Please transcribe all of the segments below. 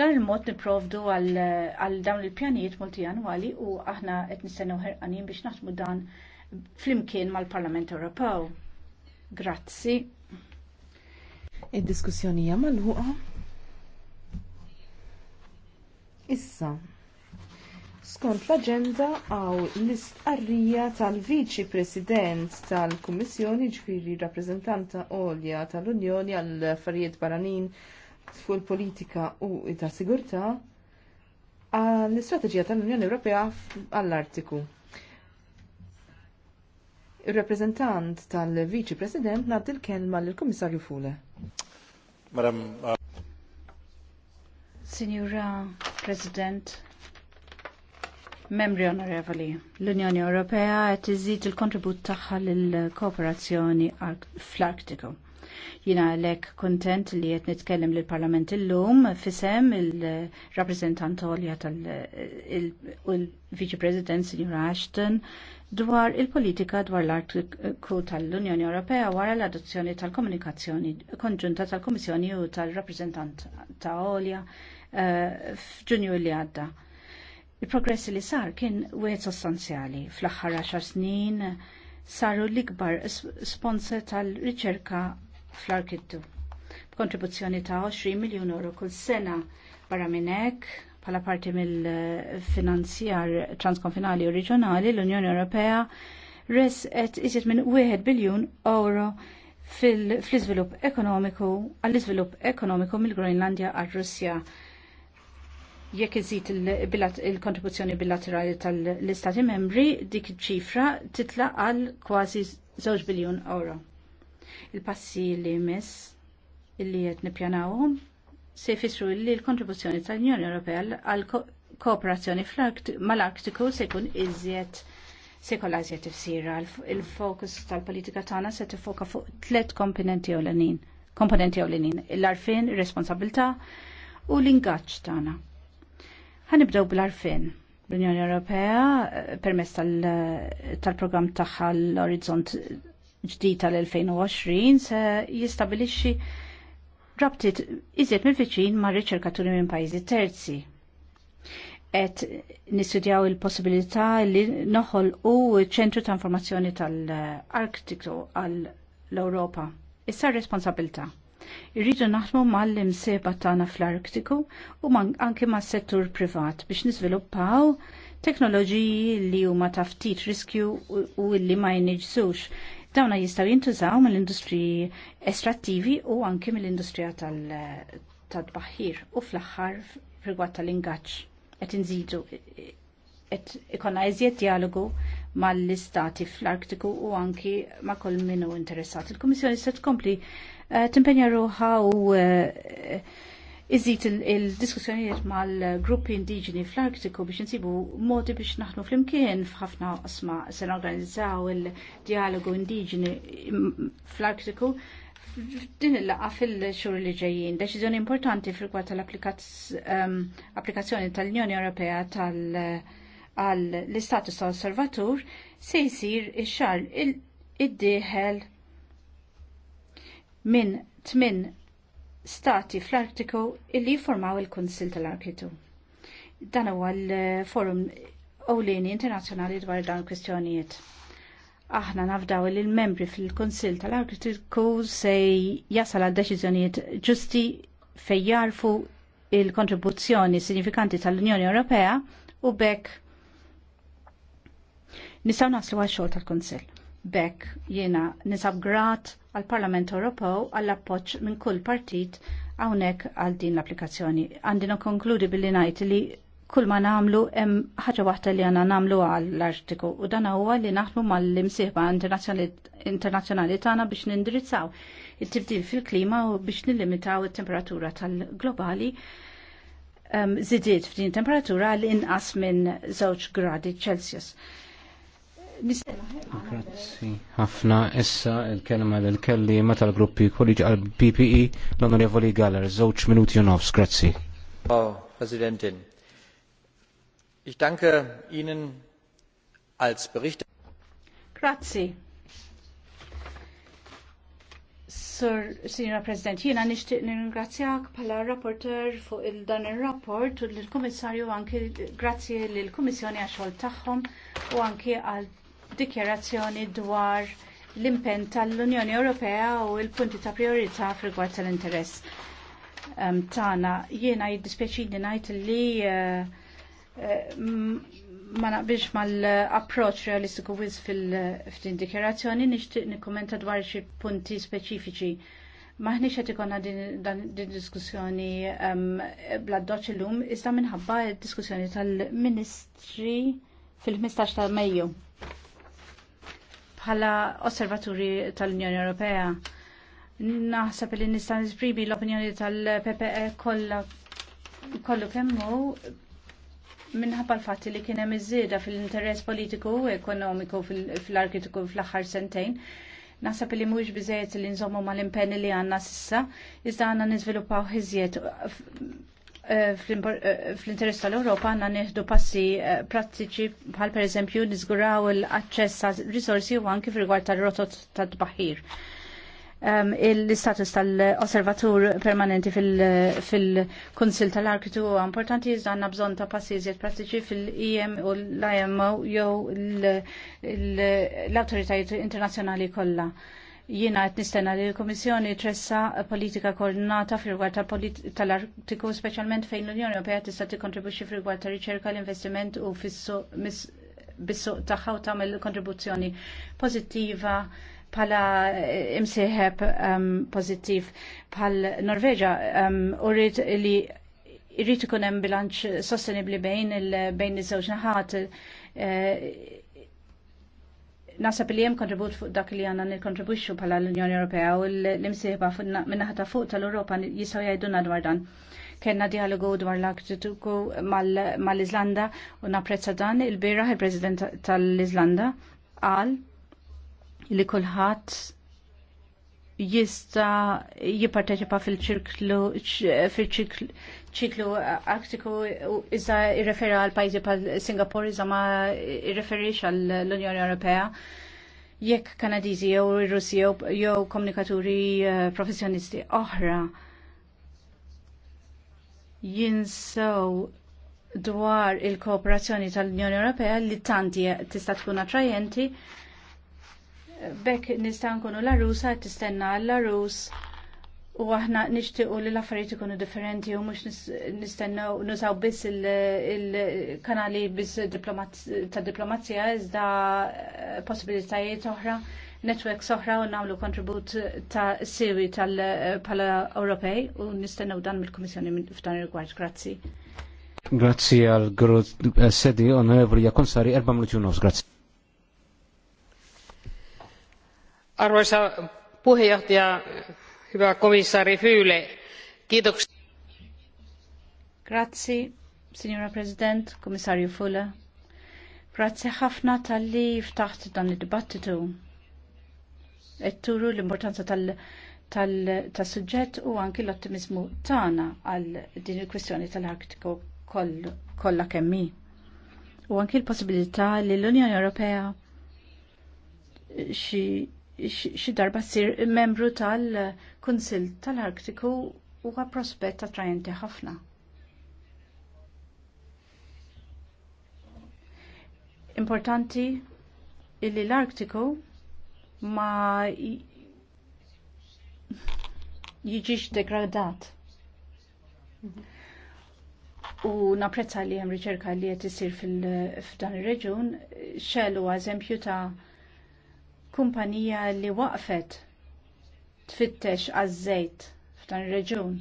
Dan il-mod niprovdu għal dawn il-pjanijiet annwali u aħna qed nistennew ħerqanin biex naħdmu dan flimkien mal-Parlament Ewropew. Grazzi. Id-diskussjoni hija magħluqa. Issa, skont l-aġenda għaw l-istqarrija tal-Viċi President tal-Kummissjoni ġifiri rappreżentanta Olja tal-Unjoni għall affarijiet Baranin fuq il-politika u ta' sigurtà għall-istrateġija tal-Unjoni Ewropea għall-Artiku. Ir-rappreżentant tal-Viċi President nagħti il kelma lill-Kummissarju Fule. Madam uh... Signora President, Membri onorevoli, l-Unjoni Ewropea qed iżid il-kontribut tagħha lill-kooperazzjoni fl-Artiku. Jina lek kontent li jett nitkellem l-Parlament illum fisem il-rappresentant olja tal-Vice President Signora Ashton dwar il-politika dwar l-artiku tal-Unjoni Ewropea wara l-adozzjoni tal-komunikazzjoni konġunta tal-Komissjoni u tal-rappresentant ta' olja eh, f'Ġunju li għadda. Il-progress li sar kien wieħed sostanzjali. Fl-aħħar 10 snin saru l-ikbar sponsor tal-riċerka fl-arkittu. Kontribuzzjoni ta' 20 miljon euro kull sena barra minnek pala parti mill-finanzjar transkonfinali u reġjonali l-Unjoni Ewropea res et iżjed minn 1 biljun euro fil-izvilupp ekonomiku għall-izvilupp ekonomiku mill-Groenlandja għal-Russja jekk iżid il-kontribuzzjoni bilaterali tal-Istati membri, dik iċ-ċifra titla għal kważi 2 biljun euro. Il-passi li jmiss illi qed nippjanawhom se jfissru li l-kontribuzzjoni tal-Unjoni Ewropea għal kooperazzjoni mal-Artiku se jkun iżjed se jkollha iżjed tifsira. Il-fokus tal-politika tagħna se tifoka fuq tliet komponenti ewlenin. Komponenti ewlenin, l-arfin, ir-responsabilità u l-ingaġġ tagħna. nibdew bl-arfin l-Unjoni Ewropea eh, permezz tal-programm tagħha l-Orizzont ġdid tal-2020 se jistabilixxi rabtiet iżjed mill-viċin ma' riċerkaturi minn pajjiżi terzi. Et nistudjaw il-possibilità li noħol u ċentru ta' informazzjoni tal-Arktiku għall-Europa. Issa responsabilta. Irridu naħdmu mal imsieba tagħna fl-Arktiku u anke mas-settur privat biex niżviluppaw teknoloġiji li huma ta' ftit riskju u li ma jniġsux Dawna jistaw jintużaw mill-industriji estrattivi u anki mill-industrija tal-tbaħħir u fl-axħar rigward tal-ingaċ. Et nżidu, et ikonna eżjed dialogu mal-istati fl-Arktiku u anki ma' kol minnu interessat. Il-Komissjoni se tkompli eh, timpenja ruħa u eh, iżid il-diskussjonijiet mal-gruppi indiġeni fl-Arktiku biex nsibu modi biex naħnu fl-imkien f'ħafna qosma se organizzaw il-dialogu indiġeni fl-Arktiku din il-laqa fil-xur li ġejjin. Deċiżjoni importanti fil kwad tal-applikazzjoni ehm, tal-Unjoni Ewropea tal-istatus tal osservatur se jsir ix-xar id-dieħel minn 8 stati fl-Artiku illi jiformaw il konsil tal-Arkitu. Dan huwa l-forum Ewlieni Internazzjonali dwar dan kwestjonijiet aħna nafdaw li l-membri fil-Konsil tal-Agrikoltiku se jasal għal deċiżjonijiet ġusti fej jarfu il-kontribuzzjoni sinifikanti tal-Unjoni Ewropea u bekk nisaw naslu għal xogħol tal-Konsil. Bekk jiena nisab grat għal-Parlament Ewropew għall-appoġġ minn kull partit hawnhekk għal din l-applikazzjoni. Għandina konkludi billi ngħid li kull ma nagħmlu hemm ħaġa waħda li għandna nagħmlu għall-artiku u dan huwa li naħdmu mal-imsieħba internazzjonali tagħna biex nindirizzaw it-tibdil fil-klima u biex nillimitaw it-temperatura tal-globali ehm, zidiet f'din temperatura l-inqas minn 2 gradi Celsius. Grazzi, ħafna. Issa il-kelma l-kellima tal-gruppi kolleġi għal-PPE l-Onorevoli Galler, zoċ minuti u nofs, grazzi. Frau Presidentin, ich danke Ihnen als Bericht. Grazzi. Sir, Signora President, jiena nixtieq nirringrazzjak pala rapporter fuq il-dan il rapport u l-komissarju anki grazzi l-komissjoni għaxol taħħom u anki għal dikjarazzjoni dwar l-impenn tal-Unjoni Ewropea u l-punti ta' priorità f'rigward tal-interess um, tagħna. Jiena li ngħid li eh, eh, ma naqbilx mal-approċ realistiku wiz fil-ftin dikjerazzjoni nixtieq nikkumenta dwar xi punti speċifiċi. Maħniex qed ikonna din diskussjoni bl-addoċ illum iżda minħabba d-diskussjoni tal-Ministri fil-15 ta' Mejju bħala osservaturi tal-Unjoni Ewropea. Naħseb li nista' nisprimi l-opinjoni tal-PPE kollha kollu kemmu minħabba l-fatti li kien hemm iż-żieda fil-interess politiku u ekonomiku fil arkitiku fl-aħħar sentejn. Naħseb li mhuwiex biżejjed li nżommu mal-impenni li għandna sissa, iżda għandna niżviluppaw ħiżjed Eh, eh, fl-interess tal-Europa għanna neħdu passi eh, prattiċi bħal per eżempju nizguraw l-access ta' risorsi u anki fil-gwar tal-rotot tal-bahir. L-istatus tal-osservatur permanenti fil-Konsil tal-Arkitu u importanti għanna bżon ta' passi iżjed prattiċi fil-IM u l-IMO jew l-autoritajiet internazjonali kollha Jiena qed nistenna li l komissjoni tressa politika koordinata fil rigward tal-Artiku speċjalment fejn l-Unjoni Ewropea tista' tikkontribwixxi fil rigward tar-riċerka l-investiment u bis-suq tagħha u tagħmel kontribuzzjoni pożittiva pala eh, imsieħeb um, pożittiv pal Norveġa um, urrid li irrid ikun hemm bilanċ sostenibbli bejn il-bejn iż-żewġ naħat. Uh, Nasab li jem kontribut fuq dak li għanna nil-kontribuċu pala l-Unjoni Ewropea u l-imsieħba minnaħta fuq tal-Europa jisaw jajduna dwar dan. Kenna dialogu dwar l-aktiku mal-Izlanda u naprezza dan il-biraħ il-President tal-Izlanda għal li kullħat jista jipparteċipa fil-ċiklu fil-ċiklu aktiku iżda jirreferi għal pajzi pal Singapore iżda ma jirreferix għal l-Unjoni Ewropea jekk Kanadiżi jew Russi jew komunikaturi eh, professjonisti oħra jinsaw dwar il-kooperazzjoni tal-Unjoni Ewropea li tanti tista' tkun attrajenti bekk nista' nkunu la rusa tistenna la rus u aħna nixtiequ li l-affarijiet ikunu differenti u mhux nistennew nusaw biss il-kanali biss ta' diplomazija iżda eh, possibilitajiet oħra, netwerks oħra u nagħmlu kontribut ta' siwi tal-pala Ewropej u nistennew dan mill-Kummissjoni f'dan ir-rigward. Grazzi. Grazzi għal eh, Sedi, onorevoli Jakonsari, erba' minuti u nofs, grazzi. Arvoisa puheenjohtaja, hyvä komissaari Fyyle, kiitoksia. Grazzi, signora President, komissarju Fule. Grazzi ħafna tal-li ftaħt dan il-dibattitu. Etturu l-importanza tal- tal u anki l-ottimizmu tagħna għal din il-kwistjoni tal-Arktiku kollha kemm kemmi. U anki l-possibilità li l-Unjoni Ewropea xi xi darba sir membru tal-Kunsill tal-Artiku huwa prospett attrajenti ħafna. Importanti illi l-Artiku ma jiġix degradat. U napprezza li hemm riċerka li qed isir fil-dan ir reġjun xellu eżempju ta' kumpanija li waqfet tfittex għaż-żejt f'dan ir-reġun.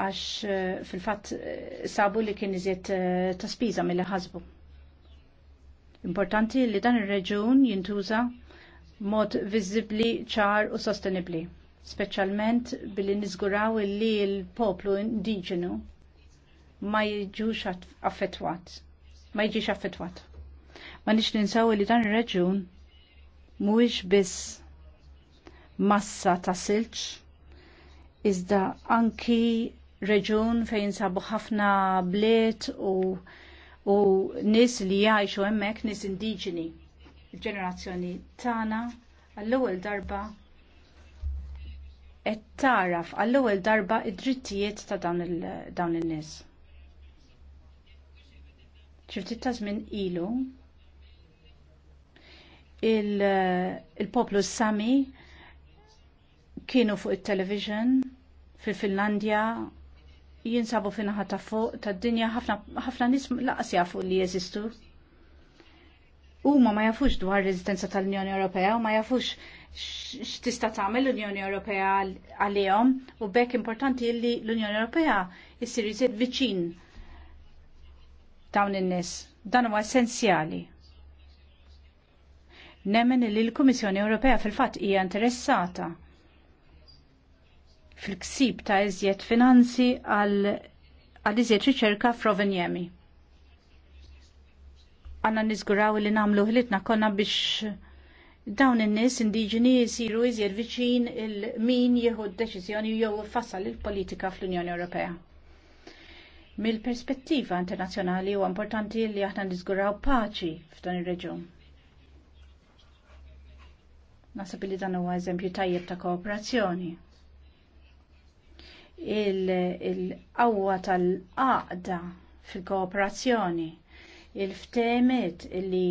Għax eh, fil-fatt eh, sabu li kien iżjed eh, ta' spiża mill ħasbu. Importanti li dan ir-reġun jintuża mod viżibbli ċar u sostenibbli, speċjalment billi niżguraw li l-poplu indiġenu ma jiġux affettwat. Ma jiġix affettwat. Ma nix ninsaw li dan ir-reġun mhuwiex biss massa ta' silġ, iżda anki reġun fejn sabu ħafna bliet u, u nis li jgħixu hemmhekk nis indiġeni. Il-ġenerazzjoni tagħna għall-ewwel darba qed taraf għall-ewwel darba id-drittijiet ta' dawn in-nies. ċirtit ta' żmien ilu Eh, il-poplu il Sami kienu fuq il-television fil-Finlandja jinsabu fin-naħa ta' fuq tad dinja ħafna nies laqas jafu li jeżistu. Huma ma jafux dwar rezistenza tal-Unjoni Ewropea u ma jafux x'tista' tagħmel l-Unjoni Ewropea għalihom u bekk importanti li l-Unjoni Ewropea jsir jżid viċin dawn in-nies. Dan huwa essenzjali. Nemmen li l-Kummissjoni Ewropea fil-fatt hija interessata fil-ksib ta' iżjed finanzi għal iżjed riċerka f'Rovenjemi. Għanna nizguraw li namlu ħlitna konna biex dawn in-nies indiġeni jisiru iżjed viċin il-min jieħu d-deċiżjoni jew fassal il-politika fl-Unjoni Ewropea. Mill-perspettiva internazzjonali huwa importanti li aħna nizguraw paċi f'dan ir-reġjun. Nasab li dan huwa eżempju tajjeb ta' kooperazzjoni. Il-qawwa il tal-qaqda fil-kooperazzjoni, il-ftemet li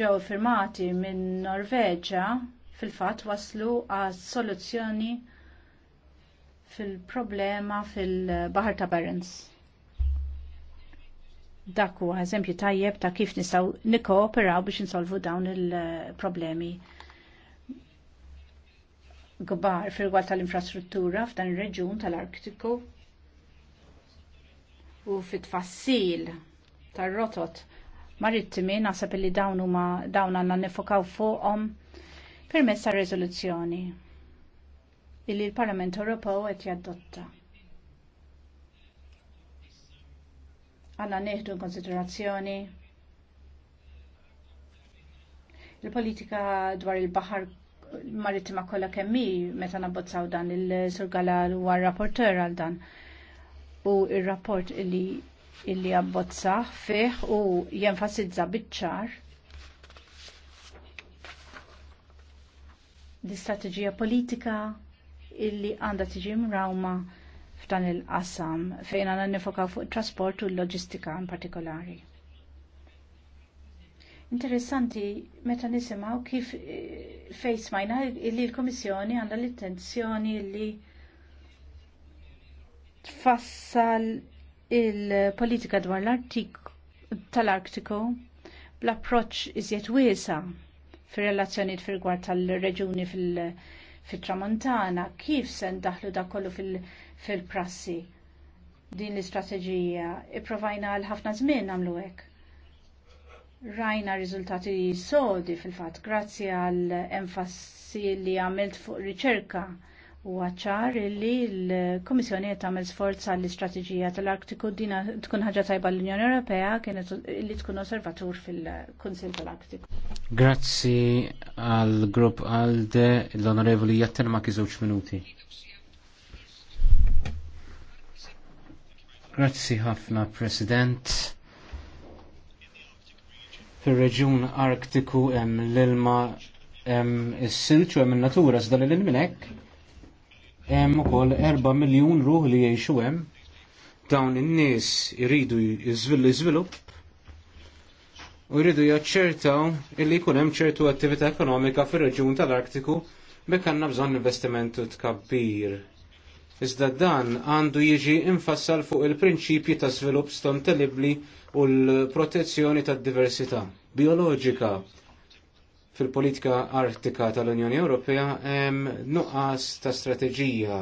ġew firmati minn Norveġa fil-fatt waslu għas soluzzjoni fil-problema fil-Bahar ta' Barents dak huwa eżempju tajjeb ta' kif nistgħu nikkooperaw biex insolvu dawn il-problemi gbar fil-gwal tal-infrastruttura f'dan ir-reġjun tal-Arktiku u fit-tfassil tar-rotot marittimi naħseb li dawn huma dawn għandna nifokaw fuqhom permezz ta' riżoluzzjoni illi l-Parlament Ewropew qed jadotta. Għanna neħdu konsiderazzjoni il-politika dwar il-baħar ma kollha kemm meta nabbozzaw dan il-surgala huwa rapporteur għal dan. U il rapport il illi illi abbozzaħ fih u jenfasizza biċ-ċar l-istrateġija politika illi għandha tiġi mrawma f'dan il-qasam fejn għandna nifokaw fuq it trasport u l-loġistika in partikolari. Interessanti meta nisimgħu kif eh, fejn smajna li l-Komissjoni għandha l-intenzjoni li tfassal il-politika dwar l-artik tal-Artiku bl-approċċ iżjed wiesa fir-relazzjonijiet fir gwar tal-reġuni fil-Tramontana, kif se ndaħlu da kollu fil-prassi din l-istrateġija, ipprovajna għal ħafna żmien nagħmlu hekk rajna riżultati sodi fil-fatt grazzi għall enfasi li għamilt fuq riċerka u għacċar li l-Komissjoni għet għamil sforz għall istrateġija tal-Artiku dina tkun ħaġa tajba l-Unjoni Ewropea kienet li tkun osservatur fil konsil tal-Artiku. Grazzi għal grupp Alde l-Onorevoli Jatten ma kizuċ minuti. Grazzi ħafna President fil-reġjun Arktiku hemm l-ilma hemm is-silġ u hemm in-natura iżda lil minn hekk hemm ukoll 4 miljun ruħ li jgħixu hemm. Dawn in-nies iridu jiżvillu iżvilupp u jridu jaċċertaw illi jkun hemm ċertu attività ekonomika fir-reġjun tal-Arktiku mekk għandna bżonn investiment tkabbir Iżda dan għandu jiġi infassal fuq il-prinċipji ta' svilupp stontelibli u l-protezzjoni tad diversità bioloġika fil-politika artika tal-Unjoni Ewropea hemm nuqqas ta' strateġija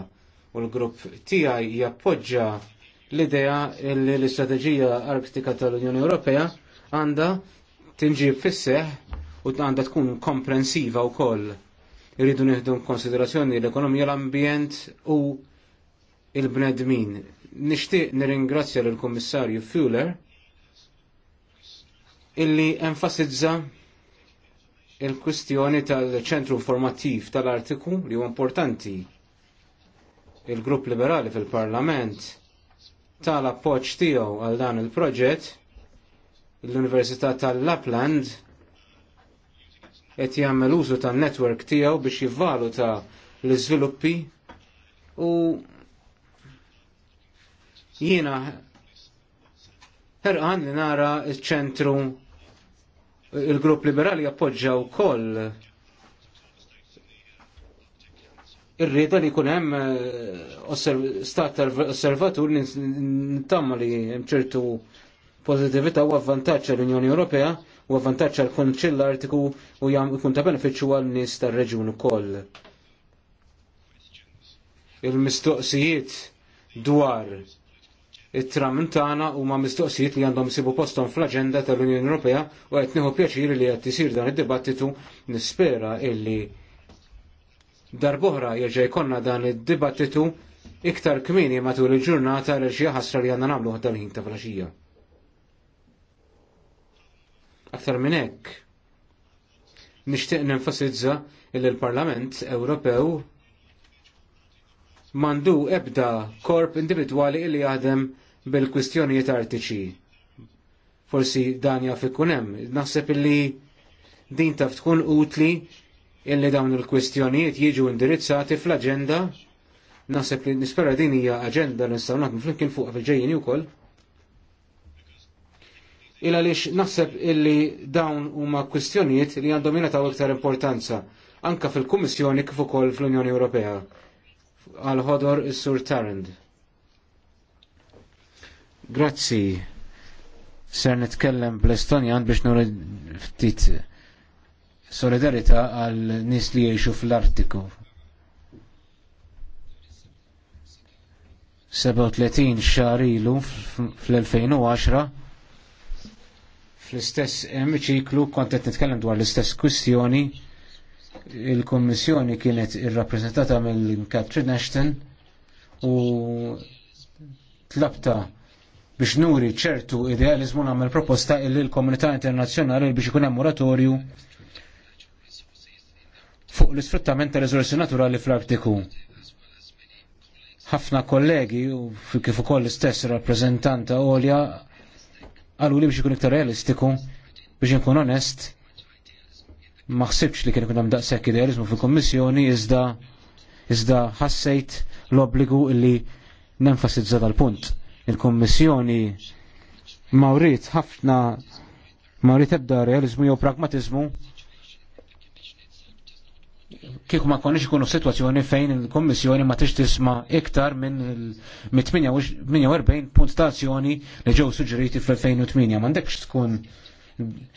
u l-grupp tiegħi jappoġġa l-idea li l-istrateġija artika tal-Unjoni Ewropea għandha tinġib fis u għandha tkun komprensiva wkoll. iridu nieħdu konsiderazzjoni l-ekonomija l-ambjent u il-bnedmin. Nixtieq nirringrazzja lill kummissarju Fuller illi enfasizza il-kwistjoni tal-ċentru informattiv tal-artiku li huwa importanti il-grupp liberali fil-parlament tal-appoġġ tiegħu għal dan il-proġett l-Università tal-Lapland qed jagħmel użu tan-netwerk tiegħu biex jivvaluta l-iżviluppi u Jiena ħerqan li nara ċ-ċentru il-grupp liberali appoġġa wkoll irrida li jkun hemm eh, stat osservatur li li hemm ċertu pożittività u avvantaġġ l unjoni Ewropea u avvantaġġ l kunċill artiku u jam ikun ta' benefiċċju għal nies tar-reġjun ukoll. Il-mistoqsijiet dwar it-tramuntana huma mistoqsijiet li għandhom sibu postom fl aġenda tal-Unjoni Ewropea u qed nieħu pjaċir li qed isir dan id-dibattitu nispera illi darbohra jirġaj jkollna dan id-dibattitu iktar kmieni matul il-ġurnata l xi ħasra li għandna nagħmlu dan ħin ta' flaxija. Aktar minn hekk, nixtieq nenfasizza illi l-Parlament Ewropew mandu ebda korp individwali illi jaħdem bil-kwistjonijiet artiċi. Forsi dan jaf ikunem. hemm. Naħseb illi din taf tkun utli illi dawn il-kwistjonijiet jiġu indirizzati fl-aġenda. Naħseb li nispera din hija aġenda li nistgħu naħdmu flimkien fuq fil-ġejjin ukoll. Illa lix naħseb illi dawn huma kwistjonijiet li għandhom jingħataw iktar importanza anka fil-Kummissjoni kif ukoll fl-Unjoni Ewropea għal-ħodor is-Sur Tarand. Grazzi. Ser nitkellem bl-Estonjan biex nuri ftit solidarita għal nis li jiexu fl-Artiku. 37 xar ilu fl-2010 fl-istess emiċiklu kontet nitkellem dwar l-istess kwistjoni il-Kommissjoni kienet irrappreżentata mill-Katrin Ashton u tlabta biex nuri ċertu idealizmu nagħmel proposta illi l-komunità internazzjonali biex ikun hemm moratorju fuq l-isfruttament ta' riżorsi naturali fl-Artiku. Ħafna kollegi u kif ukoll l-istess rappreżentanta Olja qalu li biex ikun iktar realistiku biex inkun onest ma ħsibx li kien ikun hemm daqshekk idealizmu fil-Kummissjoni iżda iżda ħassejt l-obbligu li nenfasizza dal-punt. Il-Kummissjoni ma ħafna ma ebda realizmu jew pragmatizmu. kieku ma konniex ikunu situazzjoni fejn il-Kommissjoni ma tix tisma' iktar minn 48 punt ta' azzjoni li ġew suġġeriti fl-2008. M'għandekx tkun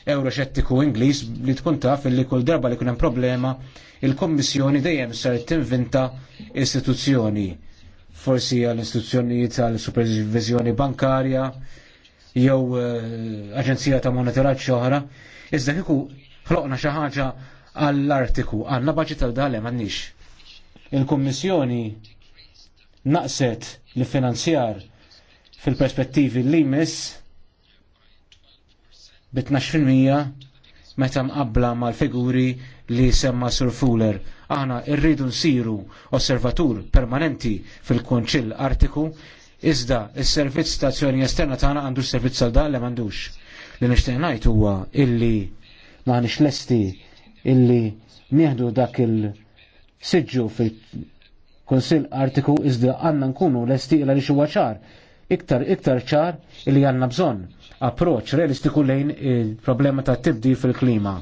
euroxettiku Ingliż li tkun taf li kull darba li kun hemm problema il-Kommissjoni dejjem ser tinvinta istituzzjoni. Forsi għal istituzzjonijiet tal supervizjoni bankarja jew eh, aġenzija ta' monitoraġġ oħra. Iżda kieku ħloqna xi ħaġa għall-artiku, għandna baġit tal dalem għandix. Il-Kommissjoni naqset l-finanzjar fil-perspettivi li miss b-12% meta mqabbla mal-figuri li semma Sur Fuller. Aħna rridu nsiru osservatur permanenti fil konċil Artiku, iżda il servizz stazzjoni esterna tagħna għandu s-servizz għal dan li m'għandux. Li nixtieq ngħid huwa illi m'għandix lesti illi nieħdu dak il-siġġu fil-Konsil Artiku iżda għanna nkunu lesti illa li għalix ċar iktar iktar ċar li għanna bżonn approċ realistiku lejn il-problema ta' tibdi fil-klima.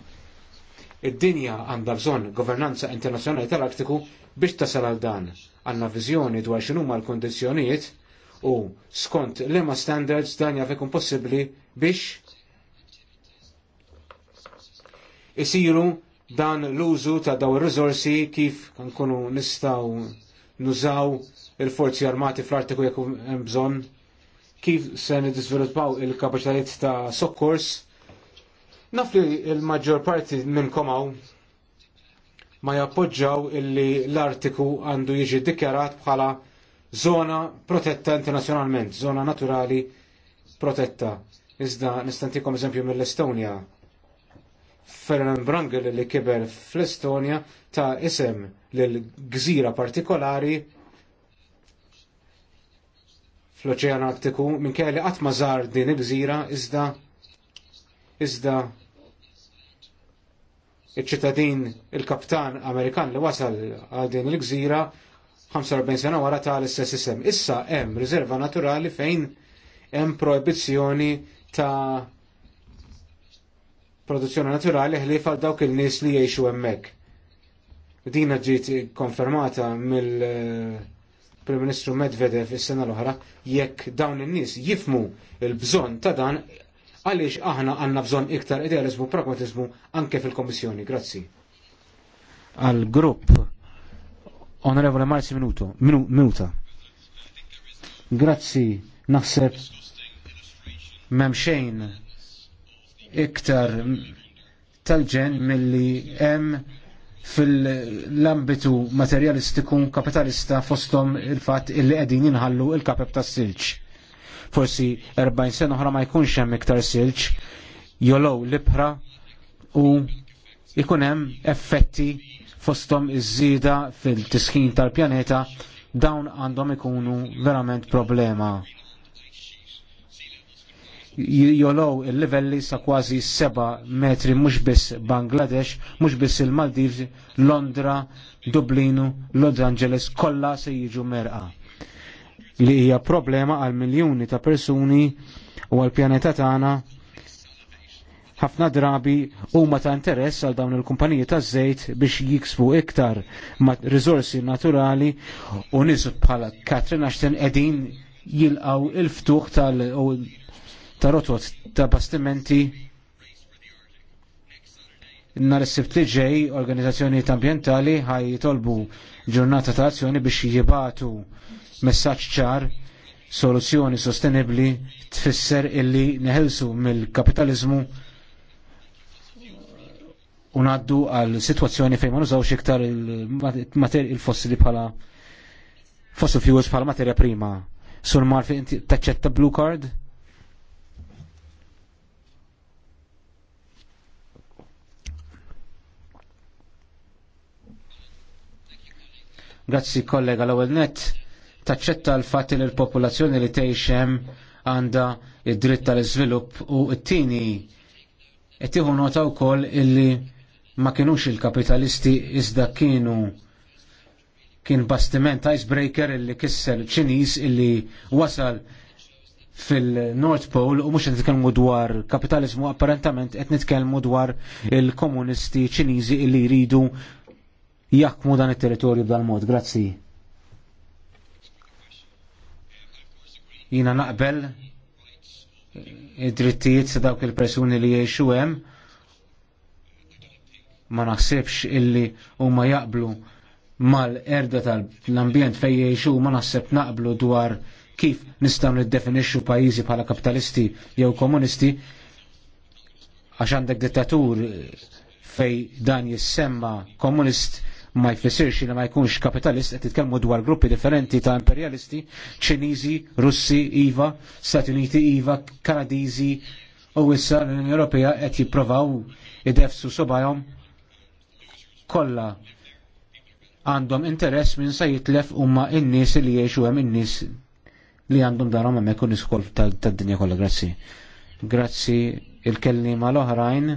Id-dinja għandha bżonn governanza internazzjonali tal-Artiku biex tasal għal dan. Għandna viżjoni dwar x'inhuma l-kondizzjonijiet u skont liema standards dan jaf ikun possibbli biex isiru dan l-użu ta' daw ir-riżorsi kif nkunu nistgħu nużaw il-forzi armati fl-artiku jekk hemm bżonn, kif se nidisviluppaw il kapacitajiet ta' sokkors. Naf li l-maġġor parti minnkom Komaw ma jappoġġaw illi l-artiku għandu jiġi dikjarat bħala zona protetta internazzjonalment, zona naturali protetta. Iżda nistantikom eżempju mill-Estonja. Ferran Brangel li kiber fl-Estonja ta' isem l-gżira partikolari fl-Oċean Artiku minn kelli qatt ma żar din il-gżira iżda iżda iċ-ċittadin il-kaptan Amerikan li wasal għal din il-gżira 45 sena wara ta' l istess isem. Issa hemm riserva naturali fejn hemm proibizzjoni ta' produzzjoni naturali għal dawk il-nies li jgħixu hemmhekk. Dina ġiet konfermata mill- Prim Ministru Medvedev is-sena l-oħra jekk dawn in-nies jifmu il-bżonn ta' dan għaliex aħna għandna bżonn iktar idealizmu, pragmatizmu anke fil-Kommissjoni. Grazzi. Għal grupp Onorevole Marzi Minuto, minu, Minuta. Grazzi, naħseb memxejn iktar tal-ġen mill-li hemm fil-ambitu materjalistiku kapitalista fostom il-fat illi qegħdin jinħallu il kapeb tas silġ. Forsi 40 sena oħra ma jkunx hemm iktar silġ, jolow libra, u jkun hemm effetti fostom iż-żieda fil-tisħin tal-pjaneta dawn għandhom ikunu verament problema jolow il-livelli sa kważi 7 metri mhux biss Bangladesh, mhux biss il-Maldiv, Londra, Dublinu, Los Angeles, kollha se jiġu merqa. Li hija problema għal miljuni ta' persuni u għal pjaneta tagħna ħafna drabi huma ta' interess għal dawn il-kumpaniji ta' żejt biex jiksbu iktar ma' riżorsi naturali u nisu bħala Katrin xten qegħdin jilqaw il-ftuħ tal ta' rotot ta' bastimenti nar is-sibt li ġej organizzazzjoni ambjentali ħaj jitolbu ġurnata ta' azzjoni biex jibatu messaġġ ċar soluzzjoni sostenibli tfisser illi neħelsu mill-kapitalizmu u ngħaddu għal sitwazzjoni fejn ma nużawx iktar il-fossili bħala fossil fuels bħala materja prima. Sur Marfi, taċċetta blue card? Grazzi kollega l-ewwel net taċċetta l-fatt li l-popolazzjoni li hemm għandha id-dritt tal-iżvilupp u t-tieni qed tieħu nota wkoll illi ma kienux il-kapitalisti iżda kienu kien bastiment icebreaker illi kisser ċiniż illi wasal fil-North Pole u mhux qed nitkellmu dwar kapitalizmu apparentament qed nitkellmu dwar il-komunisti ċiniżi illi jridu jakmu dan it-territorju b'dal-mod. Grazzi. Jina naqbel eh, id-drittijiet dawk il-persuni li jiexu hemm ma naħsibx illi huma jaqblu mal-erda tal-ambjent fej jiexu ma naħseb naqblu dwar kif nistgħu niddefinixxu pajjiżi bħala kapitalisti jew komunisti għax għandek dittatur eh, fej dan jissemma komunist ma jfissirx li ma jkunx kapitalist qed titkellmu dwar gruppi differenti ta' imperialisti, Ċiniżi, Russi, Iva, Stati Uniti, Iva, Kanadiżi u issa l-Unjoni Ewropea qed jipprovaw idefsu sobajhom kollha għandhom interess minn sa jitlef huma n-nies li jgħixu hemm in-nies li għandhom darhom hemmhekk u niskol tad-dinja kollha. Grazzi. Grazzi il-kellima l-oħrajn.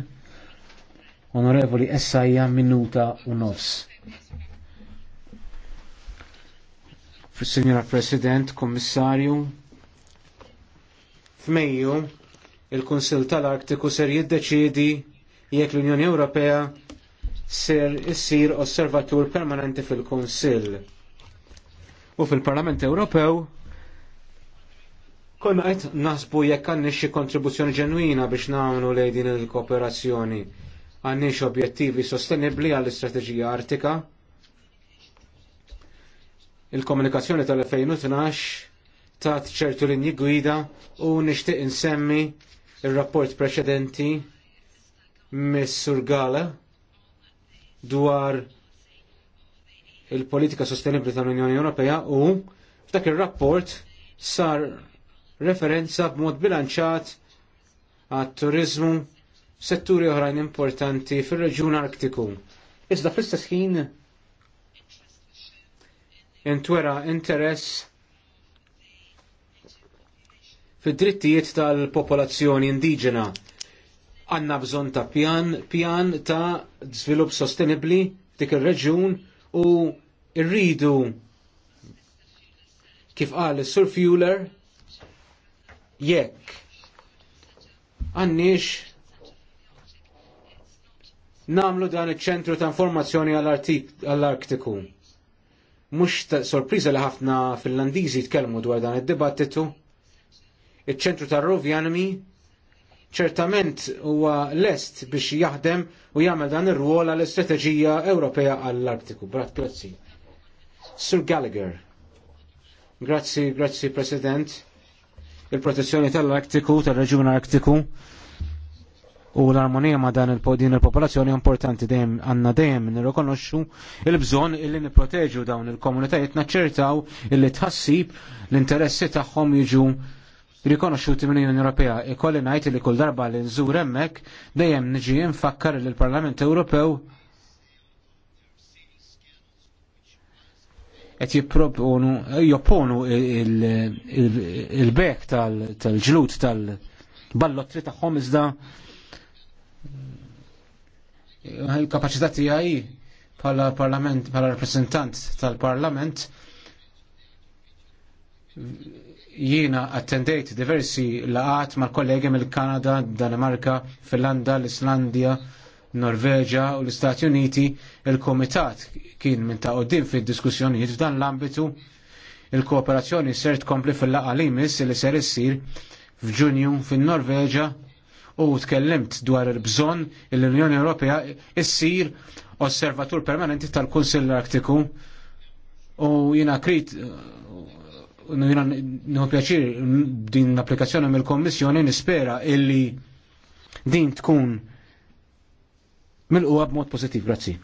Onorevoli Essajja minuta u nofs. Signora President, Kommissarju, f'Mejju il kunsill tal-Artiku ser jiddeċiedi jekk l-Unjoni Ewropea ser issir osservatur permanenti fil kunsill U fil-Parlament Ewropew konna qed nasbu jekk għandni xi kontribuzzjoni ġenwina biex nagħmlu lejn din il-kooperazzjoni għanniex objettivi sostenibli għall-istrateġija artika. Il-komunikazzjoni tal-2012 tat ċertu linji gwida u nixtieq insemmi il-rapport preċedenti mis Surgala dwar il-politika sostenibli tal-Unjoni Ewropea u f'dak ir-rapport sar referenza b'mod bilanċat għat-turizmu setturi oħrajn importanti fir-reġjun Arktiku. Iżda fl-istess ħin intwera interess fid-drittijiet tal-popolazzjoni indiġena. Għanna bżon ta' pjan, pjan ta' żvilupp sostenibli dik ir-reġjun u rridu kif qal is-Sur jekk għandniex namlu dan iċ-ċentru ta' informazzjoni għall-Artiku. Mux sorpriża li ħafna Finlandiżi tkellmu dwar dan id-dibattitu. Iċ-ċentru ta' Rovjanmi ċertament huwa lest biex jaħdem u jagħmel dan ir-rwol għall istrateġija Ewropea għall-Artiku. Brat grazzi. Sir Gallagher. Grazzi, grazzi President. Il-protezzjoni tal-Artiku, tal-Reġjun Artiku, tal u l-armonija ma dan il-podin il-popolazzjoni importanti dejjem għanna dejjem nirrikonoxxu il-bżonn illi nipproteġu dawn il-komunitajiet naċċertaw illi tħassib l-interessi tagħhom jiġu rikonoxxuti mill-Unjoni Ewropea. Ikolli ngħid li kull darba li nżur hemmhekk dejjem niġi nfakkar li l-Parlament Ewropew qed jipproponu jopponu il-bek tal-ġlud tal-ballottri tagħhom iżda il-kapacità tiegħi bħala parlament bħala rappresentant tal-parlament jiena attendejt diversi laqat mal-kollegi mill-Kanada, Danimarka, Finlanda, l-Islandja, Norveġa u l-Istati Uniti, il-Komitat kien minn ta' qoddim fid-diskussjonijiet f'dan l-ambitu il-kooperazzjoni ser tkompli fil-laqa li mis li ser issir f'Ġunju fin-Norveġa u tkellimt dwar il-bżonn l-Unjoni Ewropea issir osservatur permanenti tal-Kunsill Arktiku. u jina krit jina nħu pjaċir din l-applikazzjoni mill-Kommissjoni nispera illi din tkun mill-qwa b'mod pozittiv. Grazzi.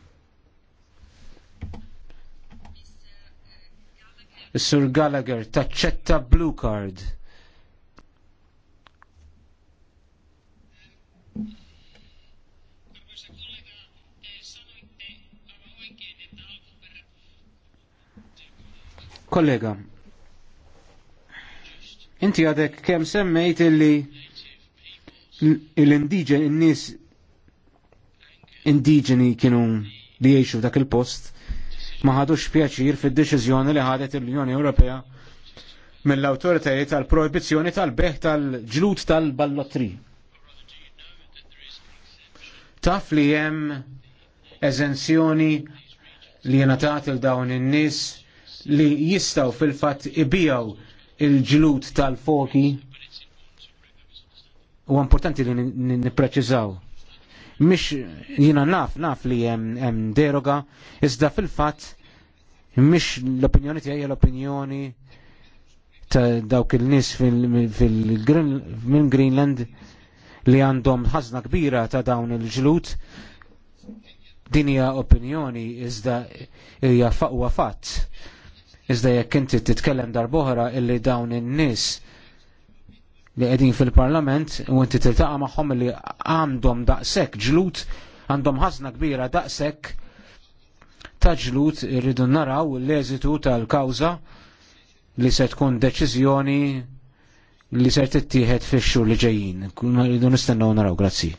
sur Gallagher taċċetta blue card. Kollega, inti għadek kem semmejt illi l-indiġen, n-nis indiġeni kienu li jiexu dak il-post ma ħadux pjaċir fid-deċiżjoni li ħadet l-Unjoni Ewropea mill-autoritajiet tal-proibizzjoni tal-beħ tal-ġlut tal-ballottri. Taf li jem eżenzjoni li jenatat il-dawn in-nis li jistaw fil-fat ibijaw il ġlut tal-foki u importanti li nipreċizaw. Mish jina naf, naf li jem deroga, iżda fil-fat mish l-opinjoni tijaj l-opinjoni ta' dawk il-nis fil-Greenland li għandhom ħazna kbira ta' dawn il-ġlut dinja opinjoni iżda hija faqwa fatt Iżda jekk inti titkellem darbohra illi dawn in-nies li qegħdin fil-Parlament u inti tiltaqa' magħhom li għandhom daqshekk ġlut, għandhom ħażna kbira daqshekk ta' ġlut irridu naraw l-eżitu tal-kawża li se tkun deċiżjoni li se tittieħed fix-xhur li ġejjin. Rridu nistennew naraw, grazzi.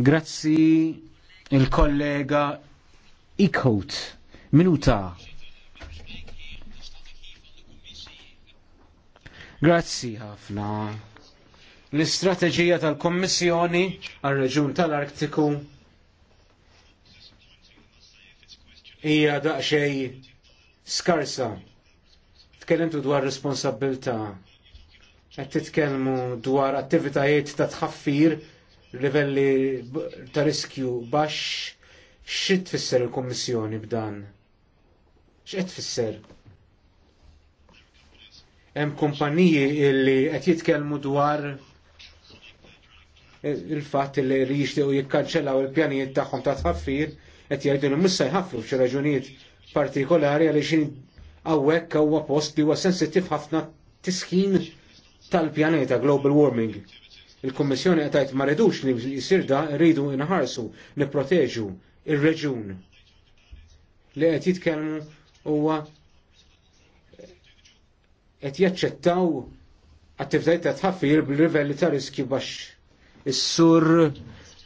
Grazzi il-kollega Ikhut. Minuta. Grazzi ħafna. L-istrateġija tal-Kommissjoni għal-Reġun tal-Artiku hija daqsxej skarsa. Tkellimtu dwar responsabilta qed titkellmu dwar attivitajiet ta' tħaffir livelli ta' riskju baxx xi tfisser il-Kummissjoni b'dan? X'qed tfisser? Hemm kumpaniji li qed jitkellmu dwar il-fatt li jixtiequ jikkanċellaw il-pjanijiet tagħhom ta' tħaffir qed jgħidu li mhux jħaffru f'xi raġunijiet partikolari għaliex hawnhekk huwa post li huwa sensittiv ħafna tisħin tal-pjaneta global warming. il qed għetajt ma redux li jsir da rridu inħarsu, nipproteġu ir reġun li qed jitkellmu huwa qed jaċċettaw attivitajiet ta' tħaffir livelli ta' riskju baxx. Is-sur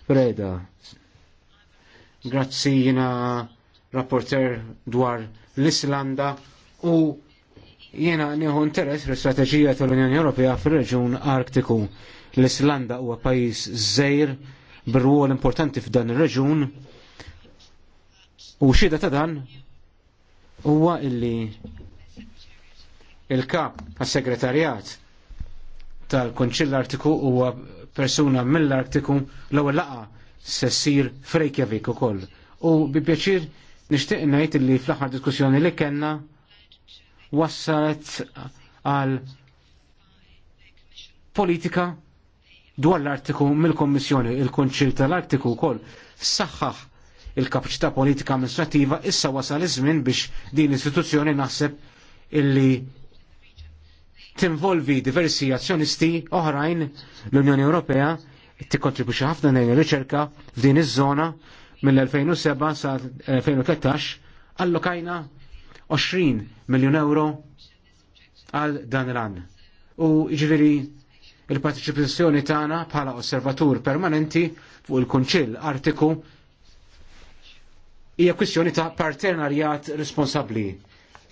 Preda. Grazzi jiena rapporter dwar l-Islanda u Jiena nieħu interess l-istrateġija tal-Unjoni Ewropea fir-reġjun Arktiku. L-Islanda huwa pajjiż żgħir bir-rwol importanti f'dan ir-reġjun u xhieda ta' dan huwa illi il-kap tas segretarjat tal-Konċill Artiku huwa persuna mill-Artiku l-ewwel laqa sessir Frejkjavik koll. U bi pjaċir nixtieq ngħid illi fl-aħħar diskussjoni li kellna wassalet għal politika dwar l-artiku mill-Kommissjoni, il-Konċil tal-Artiku wkoll saħħaħ il-kapacità politika amministrativa issa wasal iż-żmien biex din l-istituzzjoni naħseb illi tinvolvi diversi azzjonisti oħrajn l-Unjoni Ewropea tikkontribwixxi ħafna lejn ir-riċerka f'din iż-żona mill-2007 sa 2013 eh, allokajna 20 miljun euro għal dan l-an. U jiġifieri il parteċipazzjoni tagħna bħala osservatur permanenti fuq il-Kunċill Artiku hija kwistjoni ta' partenarjat responsabbli.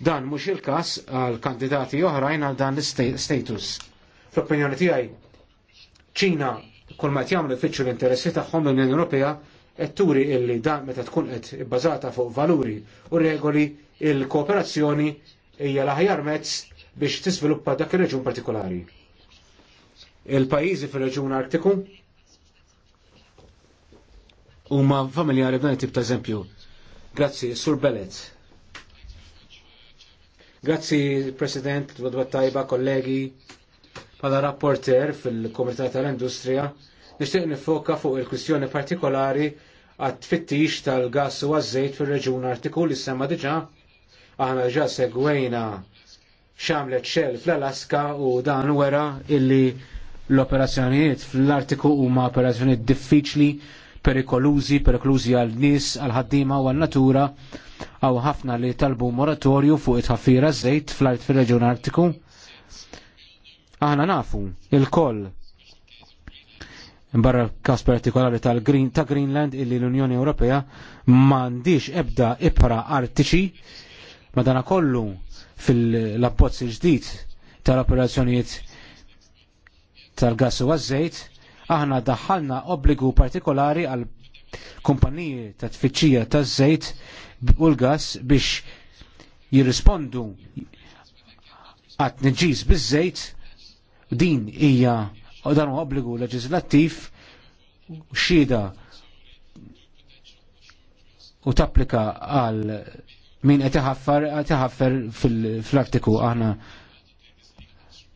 Dan mhux il-każ għal kandidati oħrajn għal dan l-status. Fl-opinjoni tiegħi ċina kull ma jagħmlu jfittxu l-interessi tagħhom l-Unjoni Ewropea qed turi illi dan meta tkun qed ibbażata fuq valuri u regoli il-kooperazzjoni hija l-aħjar mezz biex tiżviluppa dak ir-reġun partikolari. Il-pajjiżi fir-reġun Artiku huma familjari b'dan it-tip ta' eżempju. Grazzi, Sur Bellet. Grazzi, President, Wadwa Tajba, kollegi, pala rapporter fil-Komitat tal-Industrija. Nishtiq nifoka fuq il-kwistjoni partikolari għat fittix tal-gas u għazzejt fil-reġun artiku li semma diġa. Aħna ġa segwejna xamlet xell fl-Alaska u dan wera illi l-operazzjonijiet fl-artiku huma operazzjonijiet diffiċli perikolużi, perikolużi għal nies għal ħaddima u għal natura, għaw ħafna li talbu moratorju fuq it-ħaffira żejt fl-art fil-reġjun Artiku. Aħna nafu il-koll barra kas partikolari tal-Green ta' Greenland illi l-Unjoni Ewropea m'għandix ebda ibra artiċi madana kollu fil-labbozz il-ġdid tal-operazzjonijiet tal-gas u għaż-żejt Aħna daħħalna obbligu partikolari għal kumpaniji ta' tfittxija ta' żejt u l-gas biex jirrispondu għat nġis biż-żejt din hija dan obbligu leġislattiv xhieda u tapplika għal min qed iħaffar fil-artiku aħna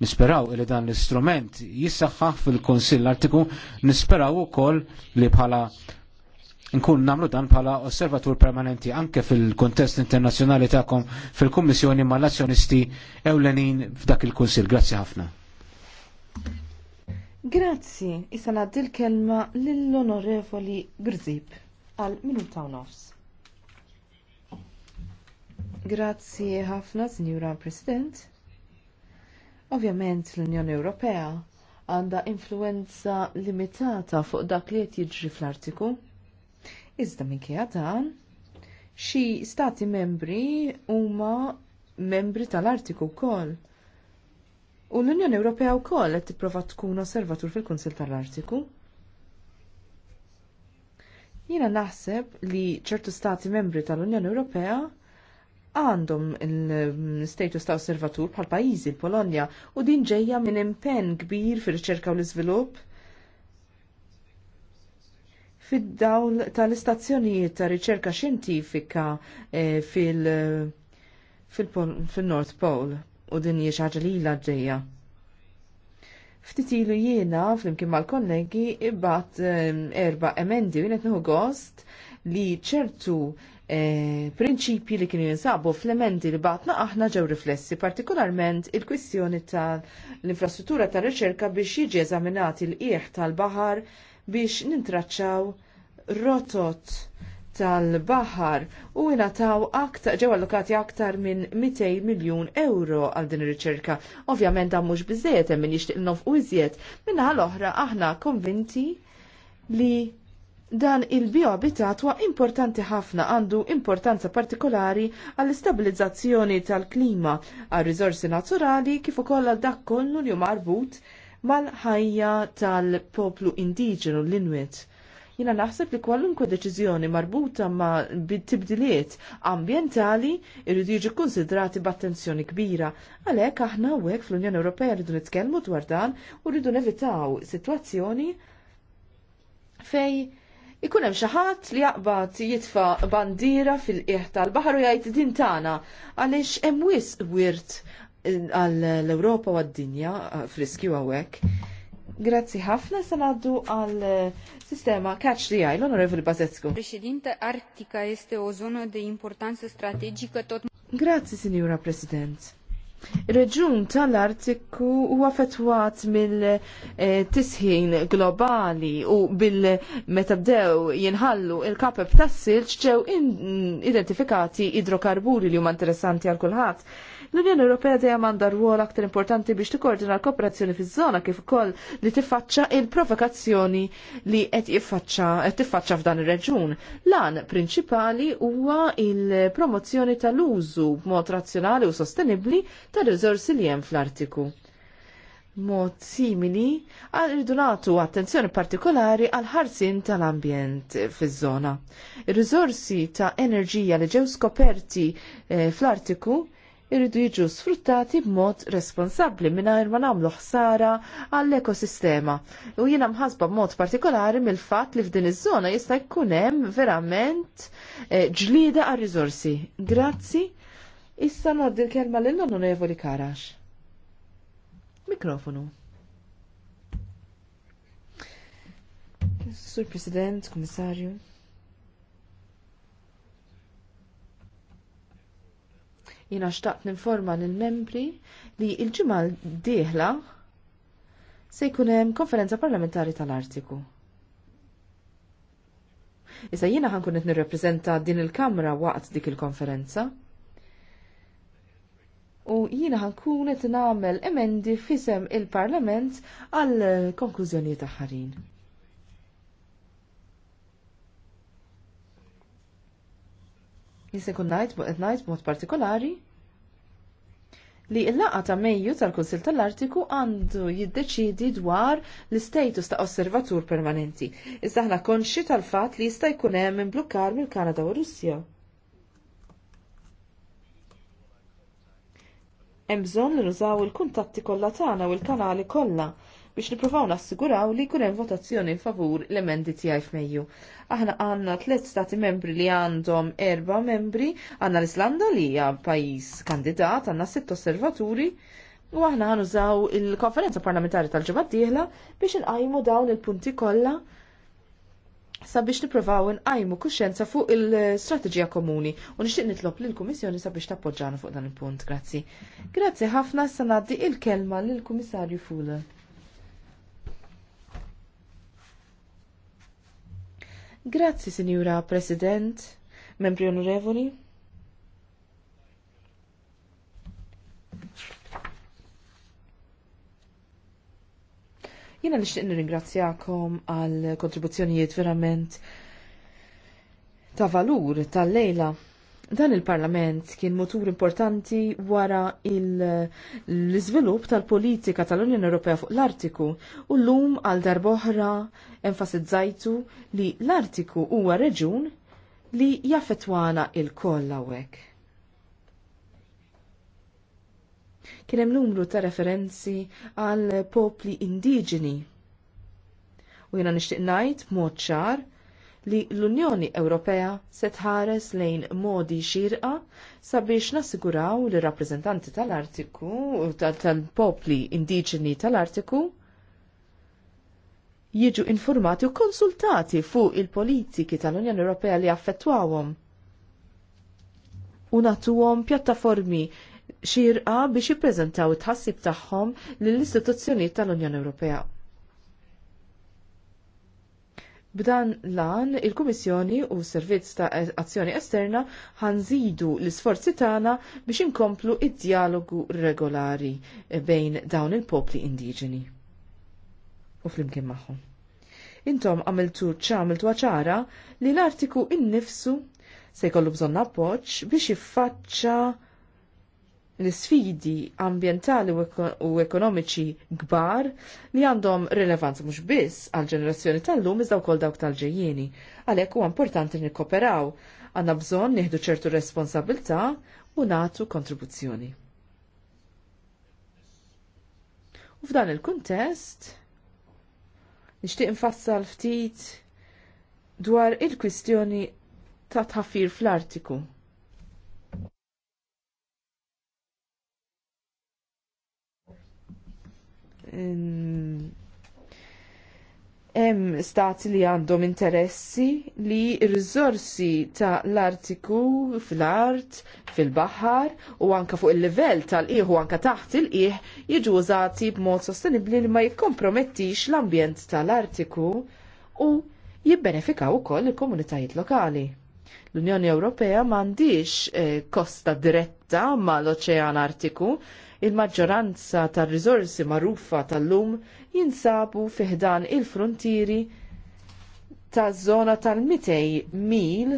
Nisperaw li dan l-istrument jissaħħaħ fil-Konsill Artiku, nisperaw ukoll li bħala nkun namlu dan bħala osservatur permanenti anke fil-kontest internazzjonali tagħkom fil-Kummissjoni mal-Azzjonisti ewlenin f'dak il-Kunsill. Grazzi ħafna. Grazzi, issa ngħaddi l-kelma lill-Onorevoli Grzib għal minuta u nofs. Grazzi ħafna, Signora President. Ovvjament l-Unjoni Ewropea għandha influenza limitata fuq dak li qed jiġri fl-Artiku. Iżda minkejja dan, xi stati membri huma membri tal-Artiku wkoll. U l-Unjoni Ewropea wkoll qed tipprova tkun osservatur fil-Kunsil tal-Artiku. Jiena naħseb li ċertu stati membri tal-Unjoni Ewropea għandhom il-status ta' osservatur bħal pajjiżi l-Polonja u din ġejja minn impenn kbir fir-riċerka u l-iżvilupp fid-dawl tal-istazzjonijiet ta' riċerka xjentifika eh, fil-North Pole u din hija xi ħaġa li ilha ġejja. Ftit ilu jiena flimkien mal-kollegi ibat eh, erba' emendi u qed gost li ċertu E, prinċipji li kienu jinsabu fl-emendi li batna aħna ġew riflessi, partikolarment il-kwistjoni tal-infrastruttura ta' riċerka biex jiġi eżaminat il-qieħ tal-bahar biex nintraċċaw rotot tal-bahar u ingħataw aktar ġew allokati aktar minn 200 miljun euro għal din ir-riċerka. Ovvjament dan mhux biżejjed hemm min jixtieq u iżjed. Minna l-oħra aħna konvinti li Dan il-bioabitat huwa importanti ħafna għandu importanza partikolari għall-istabilizzazzjoni tal-klima, għal rizorsi naturali kif ukoll għal dak kollu li marbut mal-ħajja tal-poplu indiġenu l inwit Jina naħseb li kwalunkwe deċiżjoni marbuta ma' tibdiliet ambientali irridu jiġu konsidrati b'attenzjoni kbira. Għalhekk aħna u hekk fl-Unjoni Ewropea rridu nitkellmu dwar dan u rridu nevitaw sitwazzjoni fej ikun hemm xi ħadd li jaqbad jitfa' bandiera fil-qieħ tal-baħar u jgħid din tagħna għaliex hemm wisq wirt għall-Ewropa u għad-dinja uh, friskju hawnhekk. Grazzi ħafna se ngħaddu għal uh, sistema Catch the Eye, l-Onorevoli Bazescu. Presidente, Artika este o zona de importanza strategika tot. Grazzi, Signora President. Reġun tal-Artiku huwa fetwat mill-tisħin globali u bil meta bdew jinħallu il-kapeb tas-silġ ġew identifikati idrokarburi li huma interessanti għal kulħadd. L-Unjoni Ewropea dejjem għandha rwol aktar importanti biex tikkoordina l-kooperazzjoni fiż-żona kif ukoll li tiffaċċa il-provokazzjoni li qed jiffaċċa qed tiffaċċa f'dan ir-reġun. Lan prinċipali huwa il-promozzjoni tal-użu b'mod razzjonali u sostenibbli tar-riżorsi li hemm fl-Artiku mod simili għal irdunatu attenzjoni partikolari għal ħarsin tal-ambjent fiż-żona. Ir-riżorsi ta' enerġija li ġew skoperti eh, fl-Artiku irridu jiġu sfruttati b'mod responsabbli mingħajr ma nagħmlu ħsara għall-ekosistema. U jiena mħasba b'mod partikolari mill-fatt li f'din iż-żona jista' jkun hemm verament eh, ġlieda għar riżorsi Grazzi. Issa nordi l-kelma lil onorevoli Karax. Mikrofonu. Sur President, Komissarju. Jina xtaqt ninforma l-membri li il-ġimal diħla se jkun hemm konferenza parlamentari tal-Artiku. Issa jiena ħankun qed nirrepreżenta din il-Kamra waqt dik il-konferenza. U jiena ħankun qed nagħmel emendi fisem il-Parlament għal konklużjonijiet taħħarin. jisikun najt najt mod partikolari li il-laqa ta' Mejju tal-Kunsil tal-Artiku għandu jiddeċidi dwar l-istatus ta' osservatur permanenti. Iżda aħna konxi tal-fatt li jista' jkun hemm imblukkar mill-Kanada u Russja. Hemm bżonn li nużaw il-kuntatti kollha tagħna u l-kanali kollha biex nippruvaw nassiguraw li jkun hemm votazzjoni favur l-emendi tiegħi f'Mejju. Aħna għandna tliet stati membri li għandhom erba' membri, għandna l-Islanda li hija pajjiż kandidat, għandna sitt osservaturi, u aħna għanużaw il-konferenza parlamentari tal-ġimgħa dieħla biex inqajmu dawn il-punti kollha sabiex niprofaw nqajmu kuxenza fuq il-strategija komuni u nixtieq nitlob lill kummissjoni sabiex tappoġġana fuq dan il-punt. Grazzi. Grazzi ħafna sa il-kelma lill-Kummissarju Fuller. Grazzi, Signora President, membri onorevoli. Jena nixtieq nirringrazzjakom għal kontribuzzjonijiet verament ta' valur tal-lejla Dan il-Parlament kien motur importanti wara l-iżvilupp tal-politika tal-Unjoni Ewropea fuq l-Artiku u llum għal darboħra enfasizzajtu li l-Artiku huwa reġun li jaffetwana il-koll wek. Kien hemm numru ta' referenzi għal popli indiġeni u jiena nixtieq ngħid mod ċar li l-Unjoni Ewropea se tħares lejn modi xirqa sabiex nassiguraw li rappreżentanti tal-Artiku tal-popli indiġeni tal-Artiku jiġu informati u konsultati fuq il-politiki tal-Unjoni Ewropea li affettwawhom u natuhom pjattaformi xirqa biex jippreżentaw it tħassib tagħhom lill-istituzzjonijiet tal-Unjoni Ewropea. B'dan lan, il-Kummissjoni u s Servizz ta' Azzjoni Esterna ħanżidu l-isforzi tagħna biex inkomplu id-dialogu regolari bejn dawn il-popli indiġeni. U flimkien magħhom. Intom għamiltu ċamiltu ċara li l-artiku innifsu se jkollu bżonn appoġġ biex jiffaċċa l-sfidi ambjentali u ekonomiċi kbar li għandhom rilevanza mhux biss għal ġenerazzjoni tal-lum iżda wkoll dawk tal-ġejjieni. Għalhekk huwa importanti nikkoperaw għandna bżonn nieħdu ċertu responsabilità u nagħtu kontribuzzjoni. U f'dan il-kuntest nixtieq infassal ftit dwar il-kwistjoni ta' tħaffir fl-artiku hemm stati li għandhom interessi li r-riżorsi ta' l-artiku fl-art, fil-baħar u anka fuq il-livell tal-qiegħ u anka taħt il-qiegħ jiġu użati b'mod sostenibbli li ma jikkompromettix l-ambjent tal-artiku u jibbenefikaw ukoll il-komunitajiet lokali. L-Unjoni Ewropea m'għandix eh, kosta diretta mal-Oċean Artiku, il-maġġoranza tar-riżorsi magħrufa tal-lum jinsabu fiħdan il-frontieri taż-żona tal-200 mil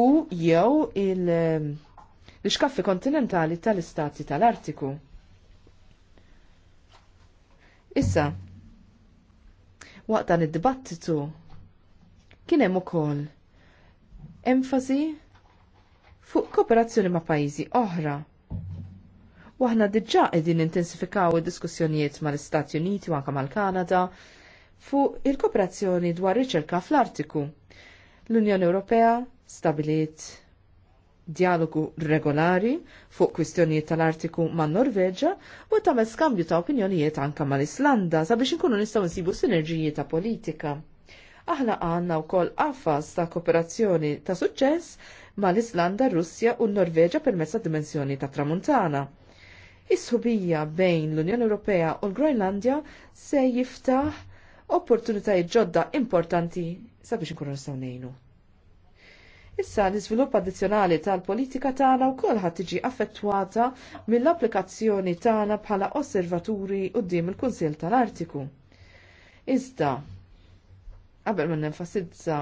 u jew il- l kontinentali tal-istati tal-Artiku. Issa, waqt dan id-dibattitu kien hemm ukoll enfasi fuq kooperazzjoni ma' pajjiżi oħra U aħna diġà qegħdin intensifikaw id-diskussjonijiet mal-Istati Uniti u anke mal-Kanada fuq il-kooperazzjoni dwar riċerka fl-Artiku. L-Unjoni Ewropea stabiliet dialogu regolari fuq kwistjonijiet tal-Artiku man Norveġa u tagħmel skambju ta' opinjonijiet anke mal-Islanda sabiex inkunu nistgħu nsibu sinerġiji ta' politika. Aħna għandna wkoll għafas ta' kooperazzjoni ta' suċċess mal-Islanda, Russja u n Norveġa permezz ta' dimensjoni ta' tramuntana. Is-subija bejn l-Unjoni Ewropea u l-Groenlandja se jiftaħ opportunitajiet ġodda importanti sabiex inkunu nistgħu ngħinu. Issa l-iżvilupp addizzjonali tal-politika tagħna wkoll ħadd tiġi affettwata mill-applikazzjoni tagħna bħala osservaturi quddiem il-Kunsill tal-Artiku. Iżda, qabel ma nenfasizza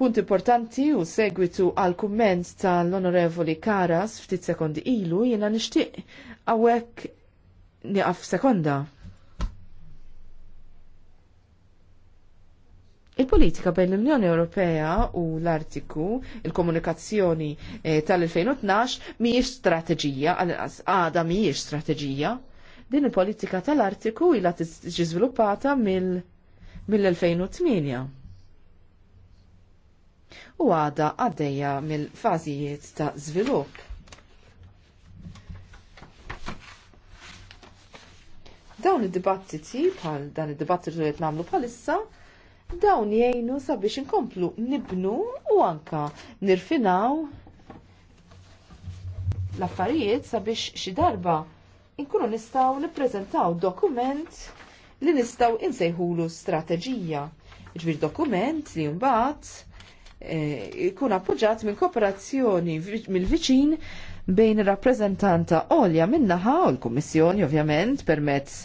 Punt importanti u segwitu għal kumment tal-Onorevoli Karas ftit sekondi ilu jiena nixtieq għawek niqaf sekonda. Il-politika bejn l-Unjoni Ewropea u l-Artiku, il-komunikazzjoni eh, tal-2012 mhijiex strateġija, għada mhijiex strateġija. Din il-politika tal-Artiku ilha t żviluppata mill-2008 u għada għaddejja mill-fażijiet ta' żvilupp. Dawn id-dibattiti pal dan id-dibattitu li nagħmlu bħalissa dawn jgħinu sabiex inkomplu nibnu u anka nirfinaw l-affarijiet sabiex xi darba inkunu nistaw nippreżentaw dokument li nistaw insejħulu strateġija. Ġbir dokument li mbagħad jkun eh, appoġġat minn kooperazzjoni mill-viċin bejn rappreżentanta olja minnaħa u l-Kummissjoni ovvjament permezz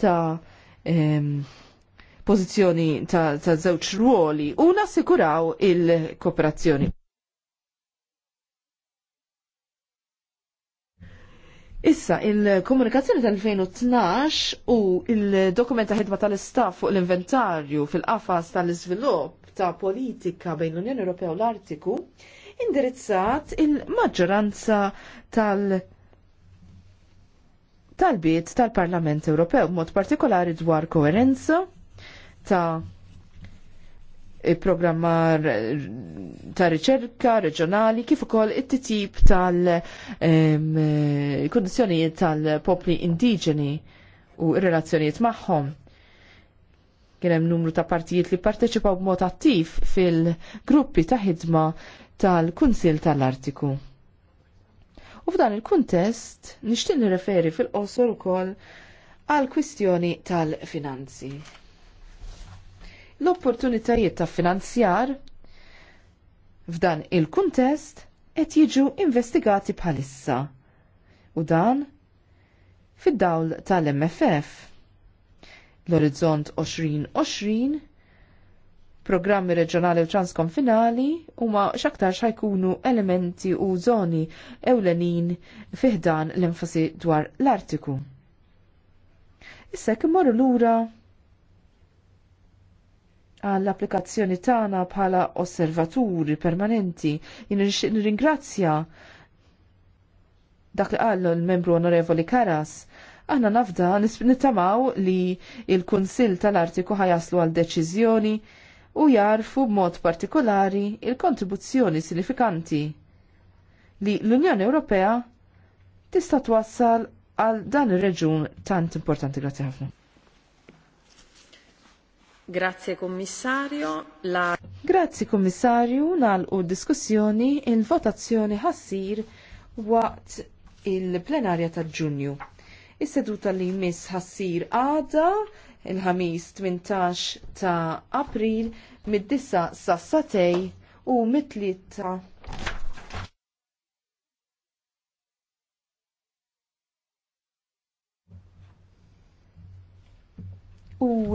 ta' um, pozizjoni ta', ta zewċ ruoli u nassikuraw il-kooperazzjoni. Issa, il-komunikazzjoni tal-2012 u il-dokumenta ħidma tal-istaff fuq l-inventarju fil-qafas tal-izvilupp ta' politika bejn l-Unjoni Ewropea u l-Artiku indirizzat il-maġġoranza tal- tal-biet tal-Parlament Ewropew, mod partikolari dwar koerenza ta' programmar ta' riċerka reġjonali kif ukoll it-titjib tal-kondizzjonijiet eh, tal-popli indiġeni u r-relazzjonijiet magħhom. Kien hemm numru ta' partijiet li parteċipaw b'mod attiv fil-gruppi ta' ħidma tal-Kunsil tal-Artiku. U f'dan il-kuntest nixtieq nirreferi fil-qosor ukoll għal kwistjoni tal-finanzi l-opportunitajiet ta' finanzjar f'dan il-kuntest qed jiġu investigati bħalissa. U dan fid-dawl tal-MFF. L-Orizzont 2020 programmi reġjonali u transkonfinali huma x'aktar ħajkunu elementi u żoni ewlenin fiħdan l-enfasi dwar l-artiku. Issa kemm morru lura għall-applikazzjoni tagħna bħala osservaturi permanenti. jien Nirringrazzja dak li qallu l-membru onorevoli Karas. Aħna nafda nittamaw li il-Kunsill tal-Artiku ħajaslu għal deċiżjoni u jarfu b'mod partikolari il-kontribuzzjoni sinifikanti li l-Unjoni Ewropea tista' twassal għal dan ir-reġun tant importanti. Grazzi ħafna. Grazie Kommissarju. La... Grazie Kommissarju, nalqu diskussjoni il-votazzjoni ħassir waqt il-plenarja ta' ġunju. Is-seduta li mis ħassir għada il-ħamis 18 ta' april mid-disa sassatej u mit-tlieta u